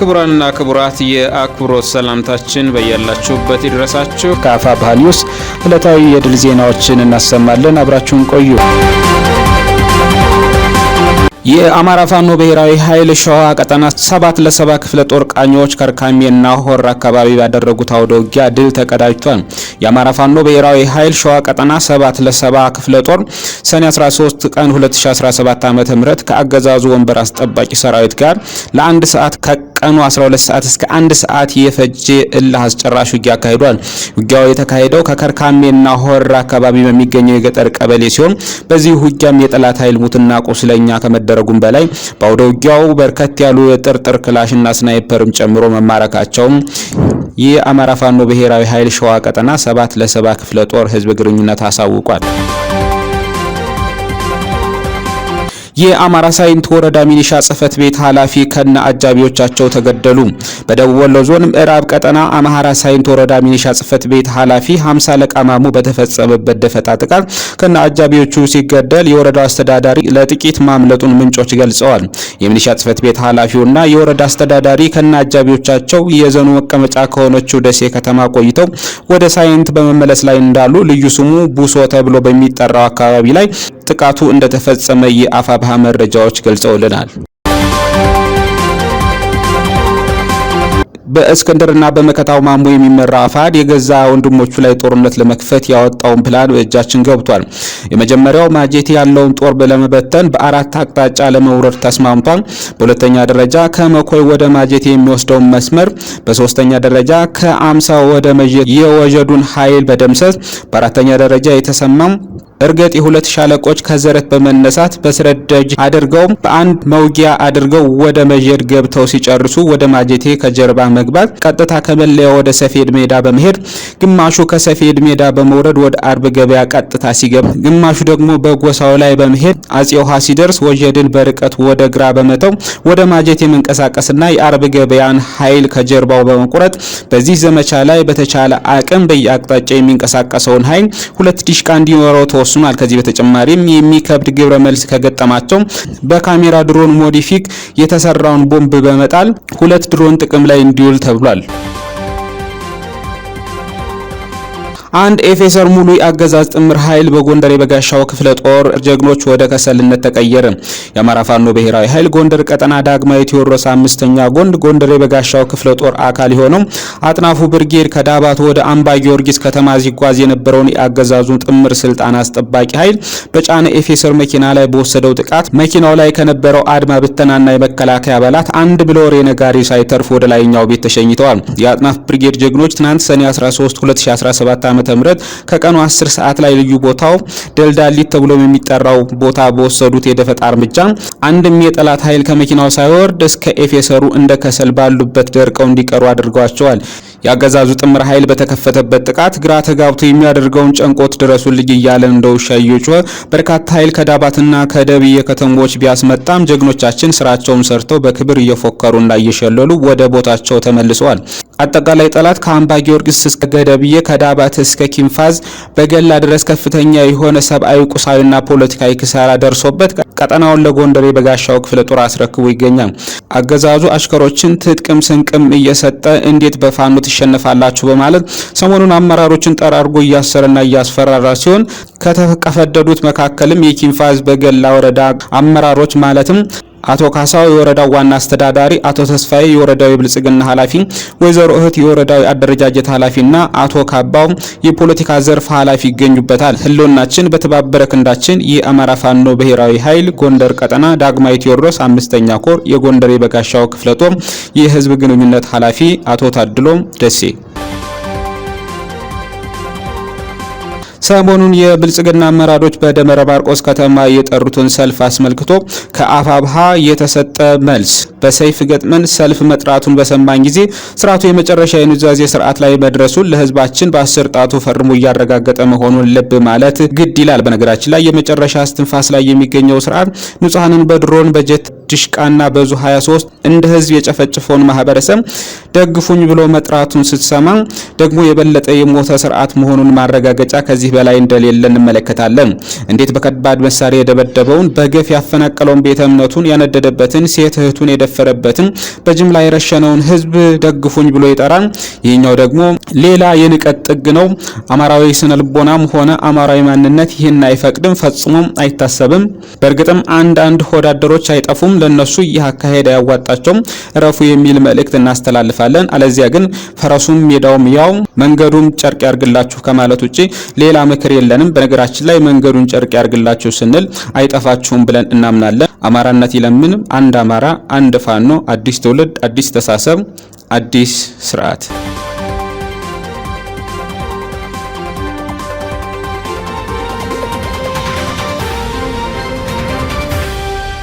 ክቡራንና ክቡራት የአክብሮት ሰላምታችን በያላችሁበት ይድረሳችሁ። ከአፋ ባህል ኒውስ ዕለታዊ የድል ዜናዎችን እናሰማለን። አብራችሁን ቆዩ። የአማራ ፋኖ ብሔራዊ ኃይል ሸዋ ቀጠና ሰባት ለሰባ ክፍለ ጦር ቃኞች ከርካሜና ሆር አካባቢ ባደረጉት አውደ ውጊያ ድል ተቀዳጅቷል። የአማራ ፋኖ ብሔራዊ ኃይል ሸዋ ቀጠና ሰባት ለሰባ ክፍለ ጦር ሰኔ 13 ቀን 2017 ዓ ም ከአገዛዙ ወንበር አስጠባቂ ሰራዊት ጋር ለአንድ ሰዓት ከቀኑ 12 ሰዓት እስከ አንድ ሰዓት የፈጀ እልህ አስጨራሽ ውጊያ አካሂዷል። ውጊያው የተካሄደው ከከርካሜና ሆራ አካባቢ በሚገኘው የገጠር ቀበሌ ሲሆን በዚህ ውጊያም የጠላት ኃይል ሙትና ቁስለኛ ከመደረጉም በላይ በአውደ ውጊያው በርከት ያሉ የጥርጥር ክላሽና ስናይፐርም ጨምሮ መማረካቸውም የአማራ ፋኖ ብሔራዊ ኃይል ሸዋ ቀጠና ሰባት ለሰባ ክፍለ ጦር ህዝብ ግንኙነት አሳውቋል። የአማራ ሳይንት ወረዳ ሚሊሻ ጽህፈት ቤት ኃላፊ ከነ አጃቢዎቻቸው ተገደሉ። በደቡብ ወሎ ዞን ምዕራብ ቀጠና አማራ ሳይንት ወረዳ ሚሊሻ ጽህፈት ቤት ኃላፊ ሀምሳ አለቃ ማሙ በተፈጸመበት ደፈጣ ጥቃት ከነ አጃቢዎቹ ሲገደል የወረዳው አስተዳዳሪ ለጥቂት ማምለጡን ምንጮች ገልጸዋል። የሚሊሻ ጽህፈት ቤት ኃላፊውና የወረዳ አስተዳዳሪ ከነ አጃቢዎቻቸው የዘኑ መቀመጫ ከሆነችው ደሴ ከተማ ቆይተው ወደ ሳይንት በመመለስ ላይ እንዳሉ ልዩ ስሙ ቡሶ ተብሎ በሚጠራው አካባቢ ላይ ጥቃቱ እንደተፈጸመ የአፋብሃ መረጃዎች ገልጸውልናል። በእስክንድርና በመከታው ማሞ የሚመራ አፋድ የገዛ ወንድሞቹ ላይ ጦርነት ለመክፈት ያወጣውን ፕላን በእጃችን ገብቷል። የመጀመሪያው ማጀቴ ያለውን ጦር ለመበተን በአራት አቅጣጫ ለመውረድ ተስማምቷል። በሁለተኛ ደረጃ ከመኮይ ወደ ማጀቴ የሚወስደውን መስመር፣ በሶስተኛ ደረጃ ከአምሳ ወደ መ የወጀዱን ኃይል በደምሰት በአራተኛ ደረጃ የተሰማም እርግጥ የሁለት ሻለቆች ከዘረት በመነሳት በስረደጅ አድርገው በአንድ መውጊያ አድርገው ወደ መጀድ ገብተው ሲጨርሱ ወደ ማጀቴ ከጀርባ መግባት ቀጥታ ከመለያ ወደ ሰፌድ ሜዳ በመሄድ ግማሹ ከሰፌድ ሜዳ በመውረድ ወደ አርብ ገበያ ቀጥታ ሲገባ፣ ግማሹ ደግሞ በጎሳው ላይ በመሄድ አጼ ውሃ ሲደርስ ወጀድን በርቀት ወደ ግራ በመተው ወደ ማጀቴ መንቀሳቀስና የአርብ ገበያን ኃይል ከጀርባው በመቁረጥ በዚህ ዘመቻ ላይ በተቻለ አቅም በየአቅጣጫ የሚንቀሳቀሰውን ኃይል ሁለት ዲሽቃ እንዲኖረው ይወስኗል። ከዚህ በተጨማሪም የሚከብድ ግብረ መልስ ከገጠማቸው በካሜራ ድሮን ሞዲፊክ የተሰራውን ቦምብ በመጣል ሁለት ድሮን ጥቅም ላይ እንዲውል ተብሏል። አንድ ኤፌሰር ሙሉ የአገዛዝ ጥምር ኃይል በጎንደር የበጋሻው ክፍለ ጦር ጀግኖች ወደ ከሰልነት ተቀየረ። የአማራ ፋኖ ብሔራዊ ኃይል ጎንደር ቀጠና ዳግማዊ ቴዎድሮስ አምስተኛ ጎንድ ጎንደር የበጋሻው ክፍለ ጦር አካል የሆነው አጥናፉ ብርጌድ ከዳባት ወደ አምባ ጊዮርጊስ ከተማ ሲጓዝ የነበረውን የአገዛዙን ጥምር ስልጣን አስጠባቂ ኃይል በጫነ ኤፌሰር መኪና ላይ በወሰደው ጥቃት መኪናው ላይ ከነበረው አድማ ብተናና የመከላከያ አባላት አንድ ብሎር የነጋሪ ሳይተርፍ ወደ ላይኛው ቤት ተሸኝተዋል። የአጥናፍ ብርጌድ ጀግኖች ትናንት ሰኔ 13 2017 ዓመተ ምህረት ከቀኑ 10 ሰዓት ላይ ልዩ ቦታው ደልዳሊት ተብሎ የሚጠራው ቦታ በወሰዱት የደፈጣ እርምጃ አንድም የጠላት ኃይል ከመኪናው ሳይወርድ እስከ ኤፌሰሩ እንደ ከሰል ባሉበት ደርቀው እንዲቀሩ አድርጓቸዋል። የአገዛዙ ጥምር ኃይል በተከፈተበት ጥቃት ግራ ተጋብቶ የሚያደርገውን ጨንቆት ድረሱልኝ እያለ እንደ ውሻ እየጮኸ በርካታ ኃይል ከዳባትና ከደብዬ ከተሞች ቢያስመጣም ጀግኖቻችን ስራቸውን ሰርተው በክብር እየፎከሩና እየሸለሉ ወደ ቦታቸው ተመልሰዋል። አጠቃላይ ጠላት ከአምባ ጊዮርጊስ እስከ ገደብዬ ከዳባት እስከ ኪንፋዝ በገላ ድረስ ከፍተኛ የሆነ ሰብአዊ ቁሳዊና ፖለቲካዊ ክሳራ ደርሶበት ቀጠናውን ለጎንደሬ በጋሻው ክፍለ ጦር አስረክቦ ይገኛል። አገዛዙ አሽከሮችን ትጥቅም ስንቅም እየሰጠ እንዴት በፋኖ ትሸነፋላችሁ በማለት ሰሞኑን አመራሮችን ጠራርጎ እያሰረና እያስፈራራ ሲሆን ከተፈቀፈደዱት መካከልም የኪንፋዝ በገላ ወረዳ አመራሮች ማለትም አቶ ካሳው የወረዳው ዋና አስተዳዳሪ፣ አቶ ተስፋዬ የወረዳው የብልጽግና ኃላፊ፣ ወይዘሮ እህት የወረዳው አደረጃጀት ኃላፊና አቶ ካባው የፖለቲካ ዘርፍ ኃላፊ ይገኙበታል። ህልውናችን በተባበረ ክንዳችን። የአማራ ፋኖ ብሔራዊ ኃይል ጎንደር ቀጠና ዳግማዊ ቴዎድሮስ አምስተኛ ኮር የጎንደር የበጋሻው ክፍለ ጦር የህዝብ ግንኙነት ኃላፊ አቶ ታድሎ ደሴ ሰሞኑን የብልጽግና አመራሮች በደብረ ማርቆስ ከተማ የጠሩትን ሰልፍ አስመልክቶ ከአፋብሃ የተሰጠ መልስ በሰይፍ ገጥመን ሰልፍ መጥራቱን በሰማኝ ጊዜ ስርዓቱ የመጨረሻ የኑዛዜ ስርዓት ላይ መድረሱን ለህዝባችን በአስር ጣቱ ፈርሞ እያረጋገጠ መሆኑን ልብ ማለት ግድ ይላል። በነገራችን ላይ የመጨረሻ እስትንፋስ ላይ የሚገኘው ስርዓት ንጹሐንን በድሮን በጀት ድሽቃና በዙ 23 እንደ ህዝብ የጨፈጨፈውን ማህበረሰብ ደግፉኝ ብሎ መጥራቱን ስትሰማ ደግሞ የበለጠ የሞተ ስርዓት መሆኑን ማረጋገጫ ከዚህ በላይ እንደሌለ እንመለከታለን። እንዴት በከባድ መሳሪያ የደበደበውን፣ በገፍ ያፈናቀለውን፣ ቤተ እምነቱን ያነደደበትን፣ ሴት እህቱን የደፈረበትን፣ በጅምላ የረሸነውን ህዝብ ደግፉኝ ብሎ ይጠራል። ይህኛው ደግሞ ሌላ የንቀት ጥግ ነው። አማራዊ ስነ ልቦናም ሆነ አማራዊ ማንነት ይህን አይፈቅድም፣ ፈጽሞም አይታሰብም። በእርግጥም አንዳንድ ሆዳደሮች አይጠፉም። ለነሱ ይህ አካሄድ አያዋጣቸውም፣ እረፉ የሚል መልእክት እናስተላልፋለን። አለዚያ ግን ፈረሱም ሜዳውም ያው መንገዱም ጨርቅ ያርግላችሁ ከማለት ውጪ ሌላ ምክር የለንም። በነገራችን ላይ መንገዱን ጨርቅ ያርግላችሁ ስንል አይጠፋችሁም ብለን እናምናለን። አማራነት ይለምን። አንድ አማራ፣ አንድ ፋኖ፣ አዲስ ትውልድ፣ አዲስ ተሳሰብ፣ አዲስ ስርዓት